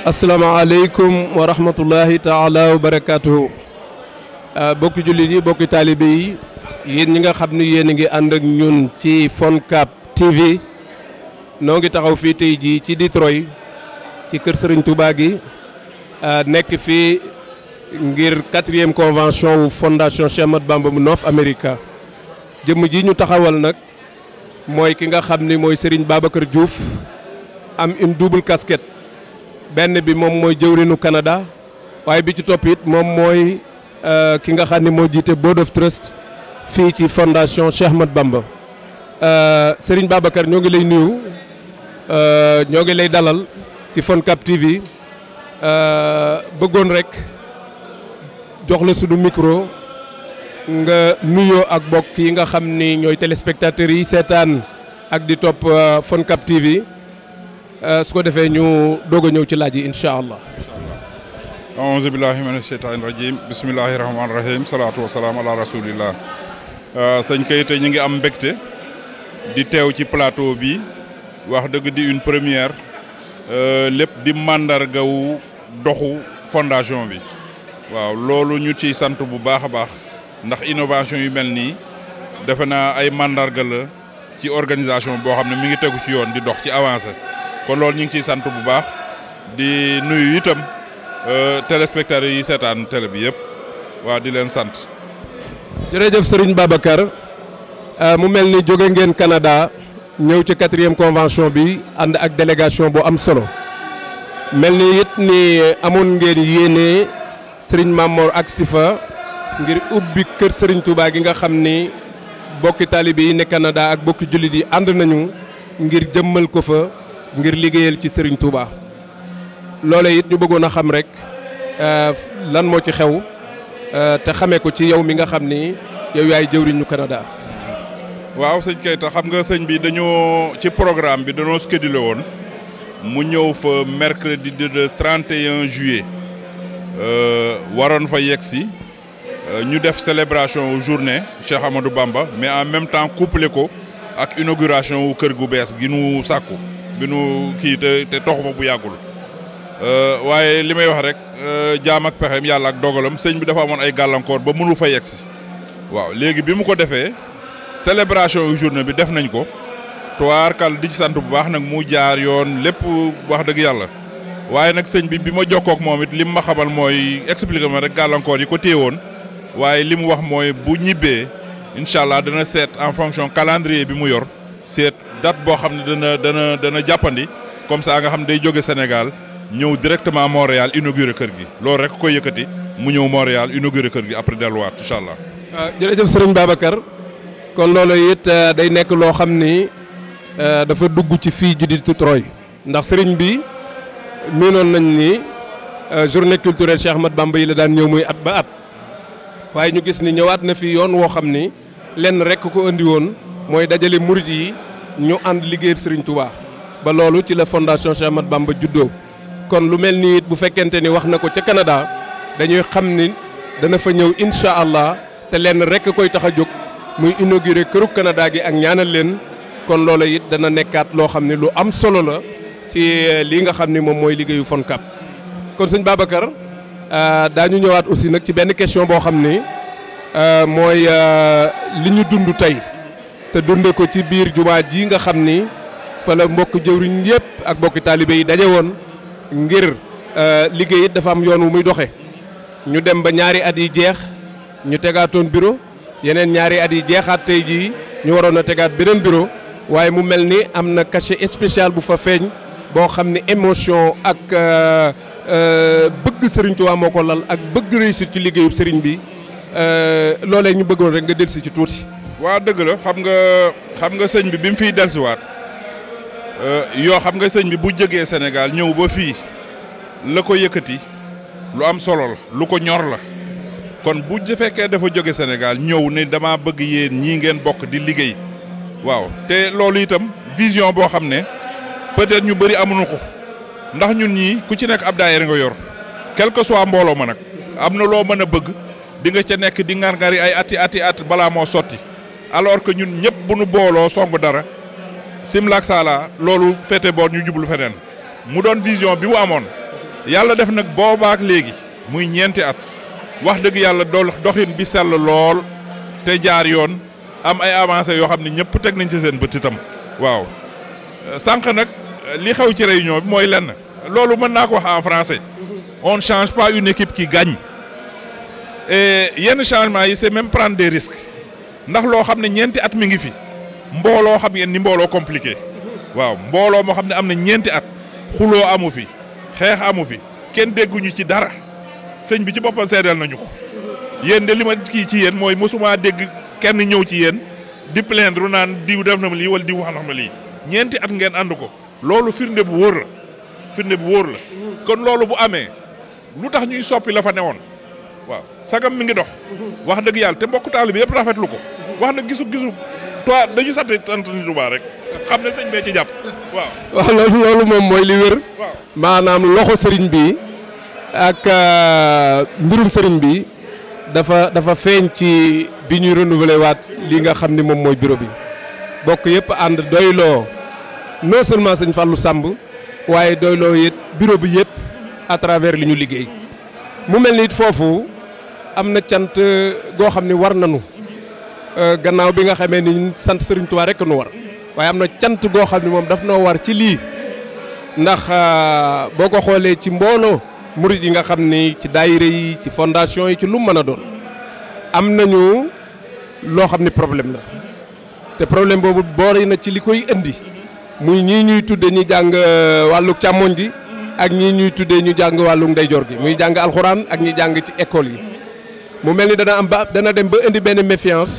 asalaamaaleykum wa rahmatullahi taala wa barakaatuhu ah, bokki jullit yi bokki taalibe yi yéen ñi nga xam ni yéen a ngi ànd ak ñun ci Foncab TV noo ngi taxaw fii tey jii ci Detroit ci kër sëriñ Touba gi ah, nekk fii ngir quatrième convention wu fondation Cheikh Ahmadou Bamba mu North America jëmm ji ñu taxawal nag mooy ki nga xam ni mooy Serigne Babacar juuf am une double casquette. benn bi moom mooy jëwrinu Canada waaye bi ci topp it moom mooy euh, ki nga xam ne moo board of trust fii ci fondation Cheikh Ahmad Bamba euh, Serigne Babacar ñoo ngi lay nuyu euh, ñoo ngi lay dalal ci cap TV bëggoon rek jox la sunu micro nga nuyoo ak bokk yi nga xam ni ñooy téléspectateurs yi seetaan ak di topp cap TV. Euh, su ko defee ñu doog a ñëw ci laaj yi incha allah. aouzu billahi mina sheytaani rajim bismillahi rahmaani rahim salaatu wa salaam ala rasulillah euh, sëñ Keita ñu ngi am mbégte di teew ci plateau bi wax dëgg di une première euh, lépp di màndargawu doxu fondation bi waaw loolu ñu ciy sant bu baax a baax ndax innovation yu mel nii defe naa ay màndarga la ci organisation boo xam ne mu ngi tegu ci yoon di dox ci avancé kon loolu ñu ngi ciy sant bu baax di nuyu itam euh, téléspectateurs yi seetaan télé bi yëpp waa di leen sant. jërëjëf sëriñ Babacar euh, mu mel ni jóge ngeen Canada ñëw ci quatrième convention bi ànd ak délégation boo am solo mel ni it ni amoon ngeen yéene Serigne Mamor ak si fa ngir ubbi kër sëriñ Touba gi nga xam ni bokki taalibe yi ne Canada ak bokki jullit yi ànd nañu ngir jëmmal ko fa. ngir liggéeyal ci Serigne Touba lolé it ñu bëggona xam rek euh lan mo ci xew euh te xamé ko ci yow mi nga xam ni yow yaay jëwriñu Canada. waaw sëñ kayta xam nga sëñ bi dañoo ci programme bi dañoo schedulé won mu ñëw fa mercredi de 31 juillet euh waron fa yegg euh, ñu def célébration journée Cheikh Amadou Bamba mais en même temps couplé ko ak inauguration wu kër gu bess gi nu sàkku bi nu kii te te toxu fa bu yàggul euh, waaye li may wax rek euh, jaam ak pexeem yàlla ak dogalam sëñ bi dafa amoon ay gàllankoor ba mënul fa yegg si waaw léegi bi mu ko defee célébration yu journée bi def nañ ko toir kal di sant bu baax nag mu jaar yoon lépp wax dëgg yàlla waaye nag sëñ bi bi ma jokkook moom it lim ma xamal mooy expliqué ma rek gàllankoor yi ko téye woon waaye li mu wax mooy bu ñibbee incha allah dana seet en fonction calendrier bi mu yor seet date boo xam ne dana dana dana jàppandi comme ça nga xam ne day jóge Sénégal ñëw directement Montréal inauguré kër gi loolu rek koy yëkkati mu ñëw Montréal inauguré kër gi après delluwaat incha allah. waaw ah, jërëjëf sëriñ Babacar kon loolu it euh, day nekk loo xam ni euh, dafa dugg ci fii ji di Tutrooy ndax sëriñ bi miinoon nañ ni euh, journée culturelle Cheikh Ahmad Bamba yi la daan ñëw muy at ba at waaye ñu gis ni ñëwaat na fi yoon woo xam ni lenn rekk ko andi woon mooy dajale murit yi. ñu ànd liggéey Serigne Touba ba loolu ci la fondation Cheikh Ahmad Bamba juddoo kon lu mel nii it bu fekkente ni wax na ko ca Canada dañuy xam ni dana fa ñëw incha allah te lenn rekk koy tax a jóg muy inauguré këru kanadaa gi ak ñaanal leen kon loola it dana nekkaat loo xam ne lu am solo la ci eh, lii nga xam ni moom mooy liggéeyu FONCAB kon sëñ Babacar eh, daañu ñëwaat aussi nag ci benn question boo xam ni eh, mooy li ñu dund tey. te dunde ko ci biir jumaa ji nga xam ni fala mbokk jëwriñ yëpp ak mbokki taalibe yi daje woon ngir euh, liggéey dafa am yoon wu muy doxe ñu dem ba ñaari at yi jeex ñu tegaatoon bureau yeneen ñaari at yi jeexaat tey jii ñu waroon a tegaat beneen bureau waaye mu mel ni am na cachet spécial bu fa feeñ boo xam ne émotion ak euh, euh, bëgg Serigne Touba moo ko lal ak bëgg réussite ci liggéeyub Serigne bi loolee ñu bëggoon rek nga delsi ci tuuti. waa dëgg la xam nga xam nga sëñ bi bi mu fiy dellusiwaat euh, yoo xam nga sëñ bi bu jógee Sénégal ñëw ba fii la ko yëkkati lu am solo la lu ko ñor la kon bu fekkee dafa jóge Sénégal ñëw ni dama bëgg yéen ñii ngeen bokk di liggéey waaw te loolu itam vision boo xam ne peut-être ñu bëri amuñu ko ndax ñun ñii ku ci nekk ab daayira nga yor quel que soit mbooloo ma nag am na loo mën a bëgg di nga ca nekk di ngar ngari ay ati ati at balaa moo sotti alors que ñun ne pouvons pas dara Simla ak Saala loolu ñu jublu mu doon vision bi mu amone yalla def boba ak nous. muy ñenti at wax deug yalla bi sell lool te jaar yoon am ay avancé yo xamni ñepp tek en français on ne change pas une équipe qui gagne et yenn changement c'est même prendre des risques ndax loo xam ne at mi ngi fi mbooloo xam ni mbooloo compliqué waaw mbooloo moo xam ne am at xuloo amu fi xeex amu fi kenn dégguñu ci dara sëñ bi ci boppam seedeel nañu ko yéen de lima ma kii ci yéen mooy mosuma dégg kenn ñëw ci yéen di plaindre naan diw def na ma lii wala wax na ma lii at ngeen ànd ko loolu firnde bu wóor la firnde bu wóor la kon loolu bu amee lu tax ñuy soppi la fa newoon waaw sagam mi ngi dox wax dëgg yàlla mbokk rafetlu ko wax na gisu gisu toi dañu sant sant ni Tuubaa rek xam ne sëñ bee ci jàpp waaw. waaw loolu loolu moom mooy li wér. maanaam loxo sëriñ bi ak euh, mbirum sëriñ bi dafa dafa feeñ ci bi ñuy renouveler waat li nga xam ni moom mooy bureau bi bokk yëpp ànd doyloo non seulement sëñ Fallou sàmb waaye doyloo it bureau bi yëpp à travers li ñu liggéey mu mel nit foofu am na cant goo xam ni war nanu Euh, gannaaw bi nga xamee ni sant Serigne Touba rek nu war waaye am na cant goo xam ne moom daf noo war ci lii ndax euh, boo ko xoolee ci mbooloo murit yi nga xam ni ci daayira yi ci fondation yi ci lu mën a doon am nañu loo xam ni problème la te problème boobu boori na ci li koy indi muy ñii ñuy tudde ñu jàng euh, wàllu càmmoñ gi ak ñii ñuy tuddee ñu jàng wàllu ndeyjoor gi muy jàng alxuraan ak ñi jàng ci école yi mu mel ni dana am ba dana dem ba indi benn méfiance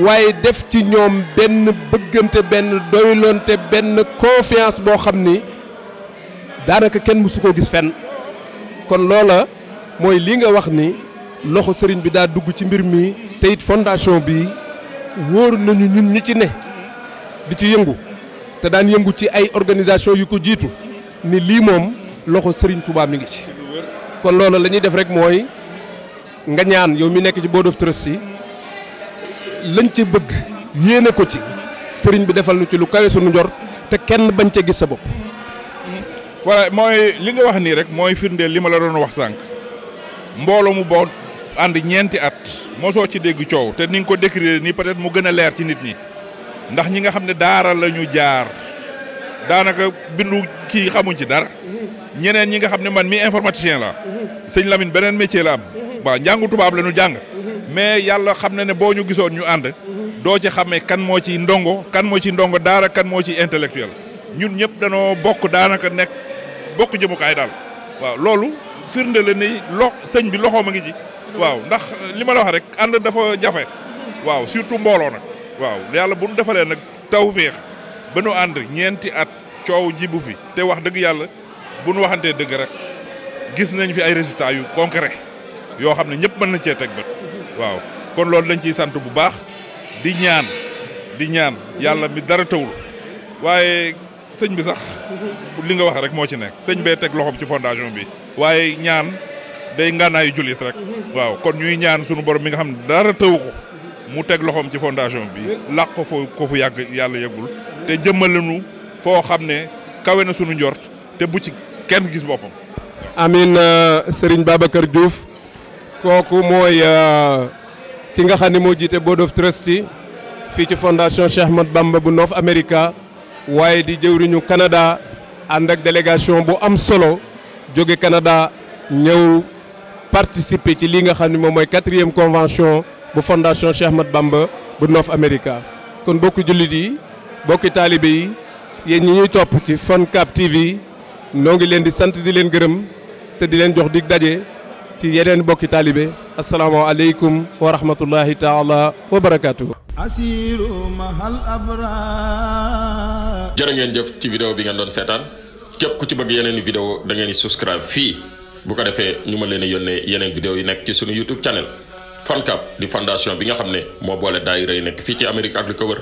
waaye def ci ñoom benn bëggante benn doylonte benn confiance boo xam ni daanaka kenn mësu koo gis fenn kon loola mooy lii nga wax ni loxo sëriñ bi daa dugg ci mbir mi te it fondation bi wóor nañu ñun ñi ci ne di ci yëngu te daan yëngu ci ay organisation yu ko jiitu ni lii moom loxo sëriñ Touba mi ngi ci kon loola la ñuy def rek mooy nga ñaan yow mi nekk ci board of trustees lañ ci bëgg yéene ko ci sëriñ bi defal lu ci lu kawe suñu njor te kenn bañ ca gis sa bopp. voilà mooy li nga wax nii rek mooy firndeel li ma la doon wax sànq mbooloo mu boo ànd ñeenti at mosoo ci dégg coow te ni nga ko décrire nii peut-être mu gën a leer ci nit ñi ndax ñi nga xam ne daara la ñu jaar daanaka bindu kii xamuñ ci dara ñeneen ñi nga xam ne man mi informaticien la sëñ Lamine beneen métier la am waaw njàngu tubaab la jàng. mais yàlla xam na ne boo ñu gisoon ñu ànd doo ci xamee kan moo ci ndongo kan moo ci ndongo daara kan moo ci intellectuel ñun ñëpp danoo bokk daanaka nekk bokk jëmukaay daal waaw loolu firnde la ni lo sëñ bi loxoom a ngi ci waaw ndax li ma la wax rek ànd dafa jafe waaw surtout mbooloo nag waaw yàlla bu nu defalee nag tawféex ba nu ànd ñeenti at coow jibu fi te wax dëgg yàlla bu nu waxantee dëgg rek gis nañ fi ay résultats yu concret yoo xam ne ñëpp mën na cee teg waaw kon loolu dañ ci sant bu baax di ñaan di ñaan yàlla mi dara tawul waaye sëñ bi sax li nga wax rek moo ci nekk sëñ bee teg loxoom ci fondation bi waaye ñaan day ngànnaayu julit rek waaw kon ñuy ñaan sunu borom mi nga xam ne dara tëw ko mu teg loxoom ci fondation bi làq ko foo ko fu yàgg yàlla yëgul te jëmmalenu foo xam ne kawe na sunu njort te bu ci kenn gis boppam amiin euh, Serigne Babacar Diouf kooku moy euh, ki nga xam ne jité board of trustee fii ci fondation Cheikh Ahmad Bamba bu North America waye di jëwriñu Canada and ak délégation bu am solo jóge Canada ñëw participer ci li nga xam quatrième convention bu fondation Cheikh Ahmad Bamba bu North America kon bokku julit yi bokki talibé yi yeen ñi ñuy top ci Cap TV noo ngi leen di sante di leen gërëm te di leen jox dig daje. ci yeneen talibé assalamu alaykum wa rahmatullahi taala wa barakatuh asiru mahal abra. jere ngeen jëf ci vidéo bi nga don sétane kep ku ci bëgg yeneen vidéo da ngeen subscribe fi bu ko défé ñuma leen a yeneen vidéo yi nekk ci suñu YouTube channel fankap di fondation bi nga xamné mo moo boole daayira yi nekk fi ci amerique ak li ko wër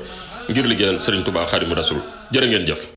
ngir liggéeyal Serigne Touba khadim rasoul jere ngeen jëf.